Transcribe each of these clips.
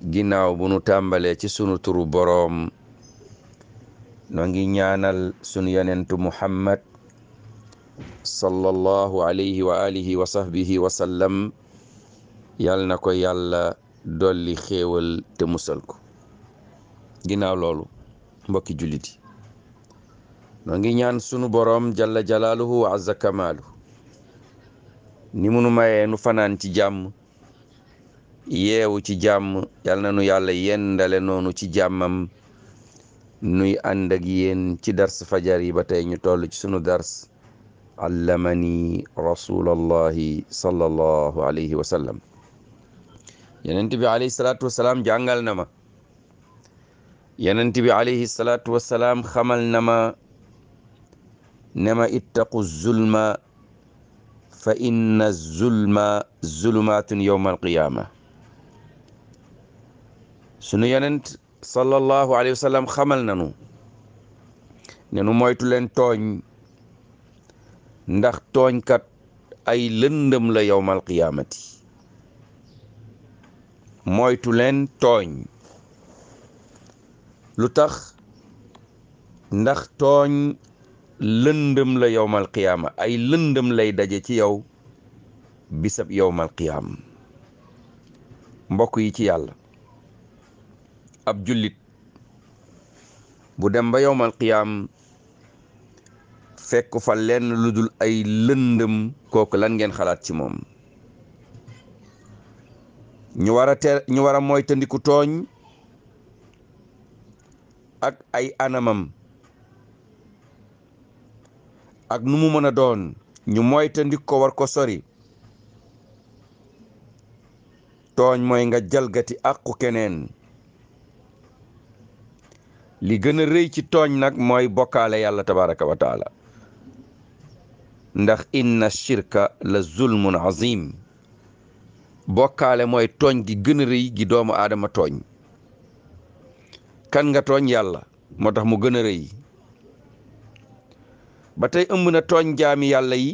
ginnaaw bu nu tàmbalee ci sunu turu boroom noo ngi ñaanal sunu yonentu muhammad sallallahu alayhi wa alihi wa sahbihi wa sallam yal na ko yàlla dolli xéewal te musal ko ginnaaw loolu mbokki jullit yi ngi ñaan sunu boroom jalla jalaaluhu wa azza kamaalu ni munu maye nu fanaan ci jàmm yeewu ci jàmm yal na nu yàlla yendale noonu ci jàmmam nuy ànd ak yéen ci dars fajar yi ba tey ñu toll ci sunu dars allamani rasulallahi sallallahu alayhi wa sallam yenent bi alayhi salaatu wasalaam jàngal na ma yenent bi alayhi salaatu wasalaam xamal na ma ne ma ittaqu zulma fa inna zulma zulumaatun yowma alqiyaama sunu yonent sallallahu alayhi wa sallam xamal nanu ne nu moytu leen tooñ ndax tooñkat ay lëndëm la yowmal qiyaamati moytu leen tooñ lu tax ndax tooñ lëndëm la yowmal qiyaama ay lëndëm lay daje ci yow bisab yowmal qiyaam mbokk yi ci yàlla ab jullit bu dem ba yowmal qiyaam fekk fa lenn lu ay lëndëm kooku lan ngeen xalaat ci moom ñu war a ñu war moytandiku tooñ ak ay anamam ak nu mu mën a doon ñu moytandiku ko war ko sori tooñ mooy nga jalgati àqu keneen li gën a rëy ci tooñ nag mooy bokkaale yàlla tabaraka wa taala ndax inna shirka la zulmun azim bokkaale mooy tooñ gi gën a rëy gi doomu aadama tooñ kan nga tooñ yàlla moo tax mu gën a rëy ba tey ëmb na tooñ jaami yàlla yi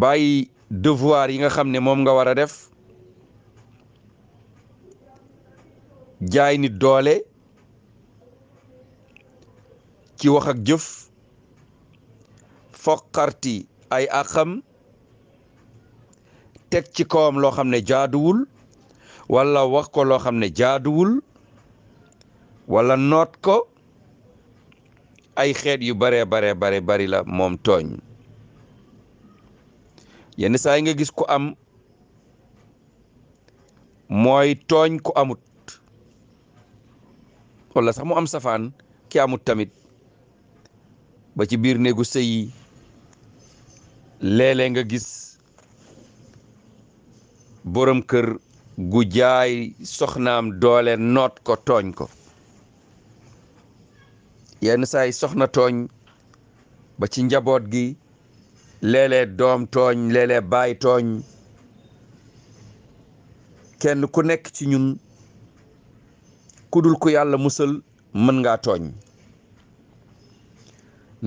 bàyyi devoir yi nga xam ne moom nga war a def jaay nit doole ci wax jëf foqarti ay àqam teg ci kawam loo xam ne jaaduwul walla wax ko loo xam ne jaaduwul walla noot ko ay xeet yu baree baree bare bari la moom tooñ yenn saa nga gis ku am mooy tooñ ku amut wala sax mu am safaan ki amut tamit ba ci biir néegu sëy yi léeg nga gis boroom kër gu jaay soxnaam doole noot ko tooñ ko yenn saay soxna tooñ ba ci njaboot gi léeg-léeg doom tooñ léeg baay tooñ kenn ku nekk ci ñun kudul dul ku yàlla musal mën nga tooñ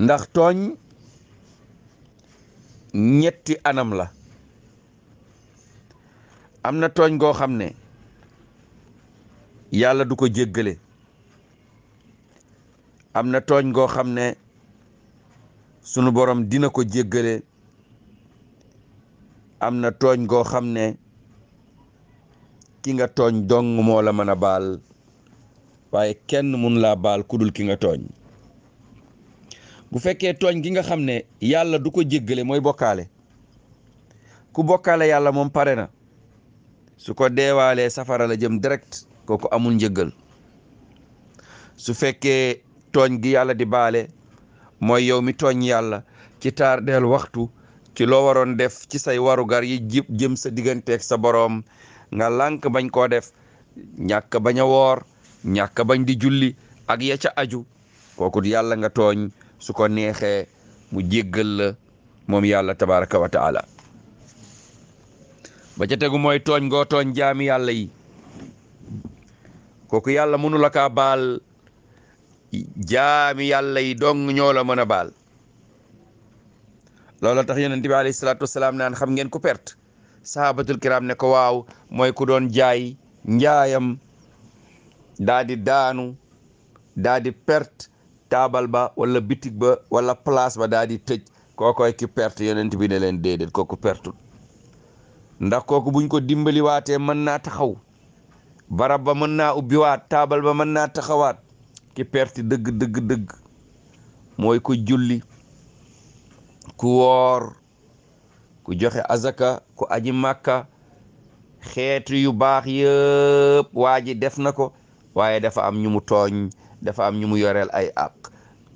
ndax tooñ ñetti anam la am na tooñ goo xam ne yàlla du ko jéggale am na tooñ goo xam ne sunu borom dina ko jéggale am na tooñ goo xam ne ki nga tooñ dong moo la mën a baal waaye kenn mun laa baal kudul ki nga tooñ bu fekkee tooñ gi nga xam ne yàlla du ko jéggale mooy bokkaale ku bokkaale yàlla moom pare na su ko deewaalee safara la jëm ko ko amul njëggal su fekkee tooñ gi yàlla di baale mooy yow mi tooñ yàlla ci taardeel waxtu ci loo waroon def ci say warugar yi jib jëm sa digganteeg sa boroom nga lànk bañ koo def ñàkk bañ a woor ñàkk bañ di julli ak ya ca aju kooku yàlla nga tooñ su ko neexee mu jéggal moom yàlla tabaraka wa ba ca tegu mooy tooñ ngoo tooñ jaami yàlla yi kooku yàlla mënu la kaa baal jaami yàlla yi dong ñoo mën a baal looloo tax yonent bi alayhi salaam naan xam ngeen ku perte sahabatul kiram ne ko waaw mooy ku doon jaay njaayam daa daanu daa pert perte taabal ba walla bitig ba wala place ba daa di tëj kookoy ki perte yonent bi ne leen déedéet kooku pertut ndax kooku buñ ko dimbaliwaatee mën naa taxaw barab ba mën naa ubbiwaat taabal ba mën naa taxawaat ki perte dëgg dëgg dëgg mooy ku julli ku woor ku joxe azaka ku aji màkka xeetu yu baax yëpp waa ji def na ko waaye dafa am ñu tooñ dafa am ñu mu yoreel ay àq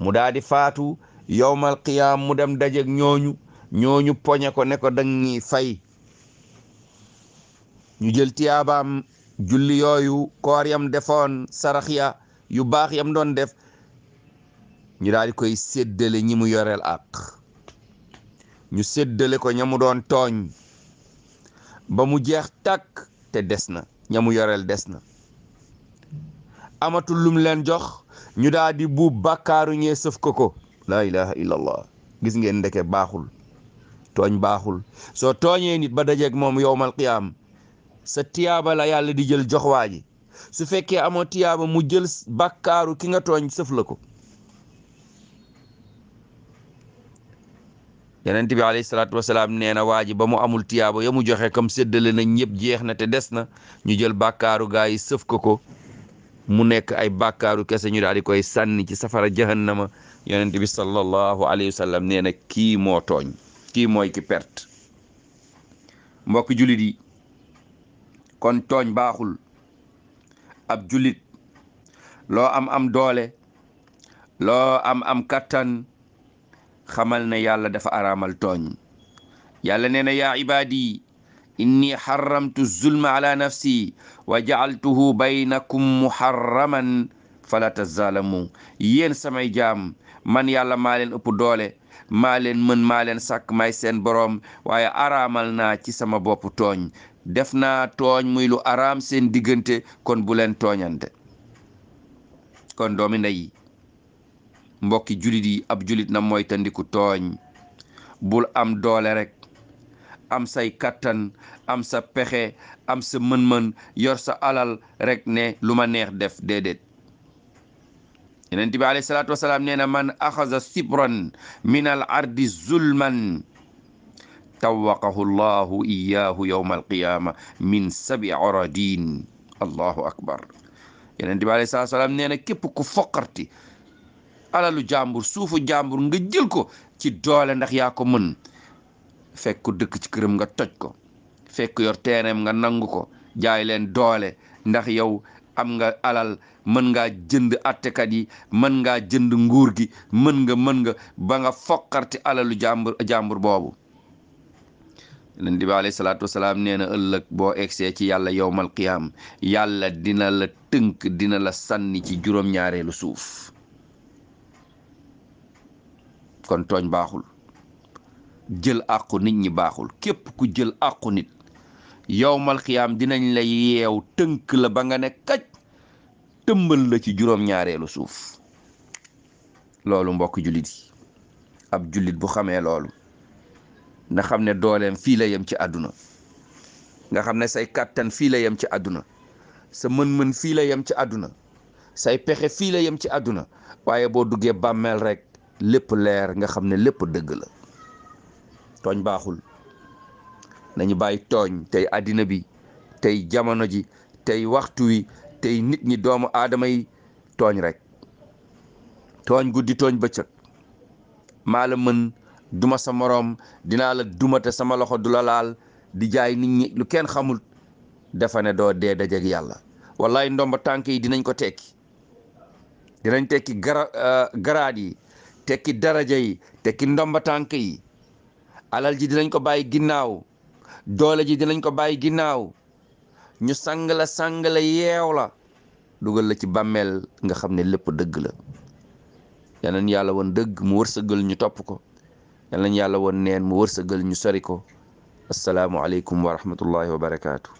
mu daal faatu yowmal qiyaam mu dem dajeg ñooñu ñooñu poñe ko ne ko dangi fay ñu jël tiyaabaam julli yooyu koor yam defoon saraxiya yu baax yam doon def ñu daal koy séddale ñi mu yoreel àq ñu séddale ko ña mu doon tooñ ba mu jeex tàkk te des na ña mu yoreel des na amatul lum leen jox ñu daal buub bakkaaru ñee sëf ko ko laa gis ngeen ndeke baaxul tooñ baaxul soo tooñee nit ba dajeeg moom yowmal qiyaam sa tiyaaba la yàlla di jël jox waa ji su fekkee amoo tiyaaba mu jël bàkkaaru ki nga tooñ sëf la ko yonent bi alayhi salaatu wasalaam nee na waa ji ba mu amul tiyaaba ya mu joxe comme séddale na ñëpp jeex na te des na ñu jël bàkkaaru gaa yi sëf ko ko mu nekk ay bakkaaru kese ñu daal di koy sànni ci safara jahannama yonent bi sallallahu alayhi wa sallam nee na kii moo tooñ kii mooy ki perte mbokk jullit yi kon tooñ baaxul ab jullit loo am am doole loo am am kattan xamal na yàlla dafa araamal tooñ yàlla nee yaa ibaadi inni xaramtu zulma ala nafsi wa jacaltuhu baynakum muharraman fala tazaalamu yéen samay jaam man yàlla maa leen ëpp doole maa leen mën maa leen sàkk may seen boroom waaye araamal naa ci sama bopp tooñ def naa tooñ muy araam seen diggante kon buleen leen kon doomi mbokki julit yi ab julit na moytandiku tooñ bul am doole rek am say kattan am sa pexe am sa mën-mën yor sa alal rek ne lu ma neex def déedéet yonent bi alayhi salaatu wasalaam nee na man axaza sibran min al ardi zulman tawaqahu llahu iyaahu yowma alqiyaama min sabi aradin allahu akbar yonent alalu jàmbur suufu jàmbur nga jël ko ci doole ndax yaa ko mën fekk dëkk ci këram nga toj ko fekk yor teeneem nga nangu ko jaay leen doole ndax yow am nga alal mën ngaa jënd attekat yi mën ngaa jënd nguur gi mën nga mën nga ba nga fokkarti alalu jàmbur boobu len di bi alayhi salaatu wasalaam nee na ëllëg boo egsee ci yàlla yowmal qiyaam yàlla dina la tënk dina la sànni ci juróom-ñaareelu suuf kon tooñ baaxul jël àqu nit ñi baaxul képp ku jël àqu nit yowmal xiyaam dinañ lay yeew tënk la ba nga ne kaj tëmbal la ci juróom-ñaareelu suuf loolu mbokk jullit yi ab jullit bu xamee loolu nga xam ne dooleem fii la yem ci àdduna nga xam ne say kàttan fii la yem ci àdduna sa mën-mën fii la yem ci àdduna say pexe fii la yem ci àdduna waaye boo duggee bàmmeel rekk lépp leer nga xam ne lépp dëgg la tooñ baaxul nañu bàyyi tooñ tey àddina bi tey jamono ji tey waxtu wi tey nit ñi doomu aadama yi tooñ rekk tooñ guddi tooñ bëccëg maa la mën duma sa moroom dinaa la dumate sama loxo du la laal di jaay nit ñi lu kenn xamul dafa ne doo dee dajeg yàlla wallaay ndomba tànk yi dinañ ko tekki dinañ tekki gara euh, yi tekki daraja yi tekki ndomba tànk yi alal ji dinañ ko bàyyi ginnaaw doole ji dinañ ko bàyyi ginnaaw ñu sang la sang la yeew la dugal la ci bàmmeel nga xam ne lépp dëgg la yal yàlla woon dëgg mu wërsëgal ñu topp ko yal nañ yàlla woon neen mu wërsëgal ñu sori ko asalaamualeykum wa rahmatullahi wa barakaatu.